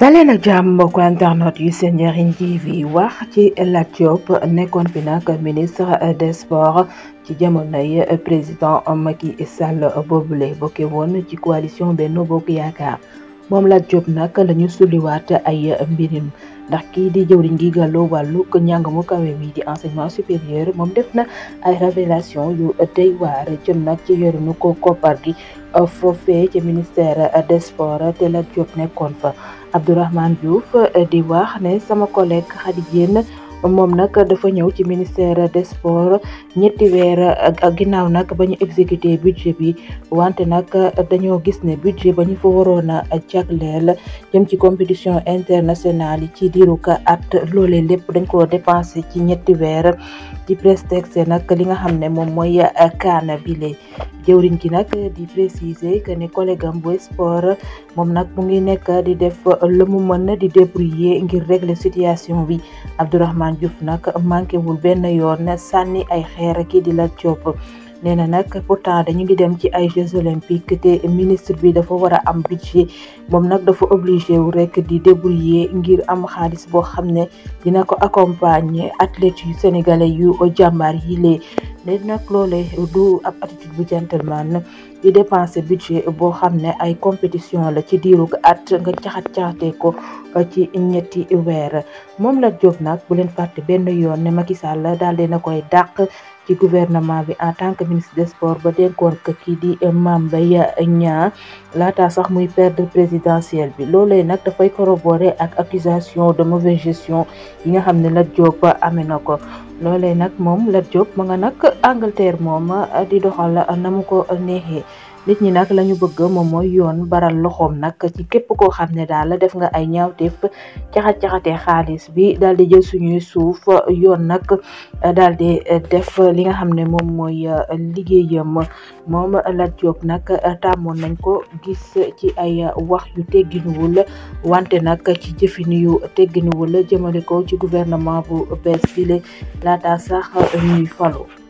daleen ak jàmm mbokku internet yu seigneur njariñ TV wax ci Lat Diop nekkoon fi nak ministre des sports ci jamonoy président Macky Sall bobule bokke ci coalition Benno Bokk moom Lat Diop nag la ñu sulliwaat ay mbirim ndax kii di jëwriñ gi gàlloo wàllu njàng mu kawe mi di enseignement supérieur moom def na a révélation yu tey waar jëm nag ci yorinu ko koppar gi foofee ci ministère des sports te Lat Diop nekkoon fa Abdourahmane Diouf di waax ne sama collègue Khady Diène moom nag dafa ñëw ci ministère de sports ñetti weer ak ginnaaw nag ba ñu exécuté budget bi wante nag dañoo gis ne budget ba ñu fa waroon a jagleel jëm ci compétition internationale yi ci diiru ka at loole lépp dañ ko dépensé ci ñetti weer di prétexte nag li nga xam ne moom mooy kaan bile jëwriñ gi nag di préciser que ne collègue bo bu sport moom nag mu ngi nekk di def lu mu mën di débrouiller ngir régler situation bi Abdourahmane Diouf nag manqué wul benn yoon sànni ay xeer kii di la Diop nee na nag pourtant dañu ngi dem ci ay Jeux olympiques te ministre bi dafa war a am budget moom nag dafa obligé wu rek di débrouiller ngir am xaalis boo xam ne dina ko accompagner athlètes yu sénégalais yu jàmbaar yi lee nee nag loole du bu gentleman i dépenser budget boo xam ne ay compétition la ci diirug at nga caxat caxatee ko ci ñetti weer moom la Diop nag bu leen fàtte benn yoon ne Macky Sall daal dina koy dàq ci gouvernement bi en tant que ministre des sports ba dénkoon que kii di Mame Mbaye la laata sax muy perdre présidentielle bi loolee nag dafay corroborer ak accusation de mauvaise gestion yi nga xam ne la Diop amee na ko loolee nag moom Lat Diop ma nga nag Angleterre moom di doxal na mu nit ñi nag la ñu bëgg moom mooy yoon baral loxoom nag ci képp koo xam ne daal def nga ay ñaawteef caxat-caxate xaalis bi daal di jël suñuy suuf yoon nag daal def li nga xam ne moom mooy liggéeyam moom la Diop nag tàmmoon nañ ko gis ci ay wax yu tegginuwul wante nag ci jëfin yu tegginuwul jëmale ko ci gouvernement bu bees bi laata sax ñuy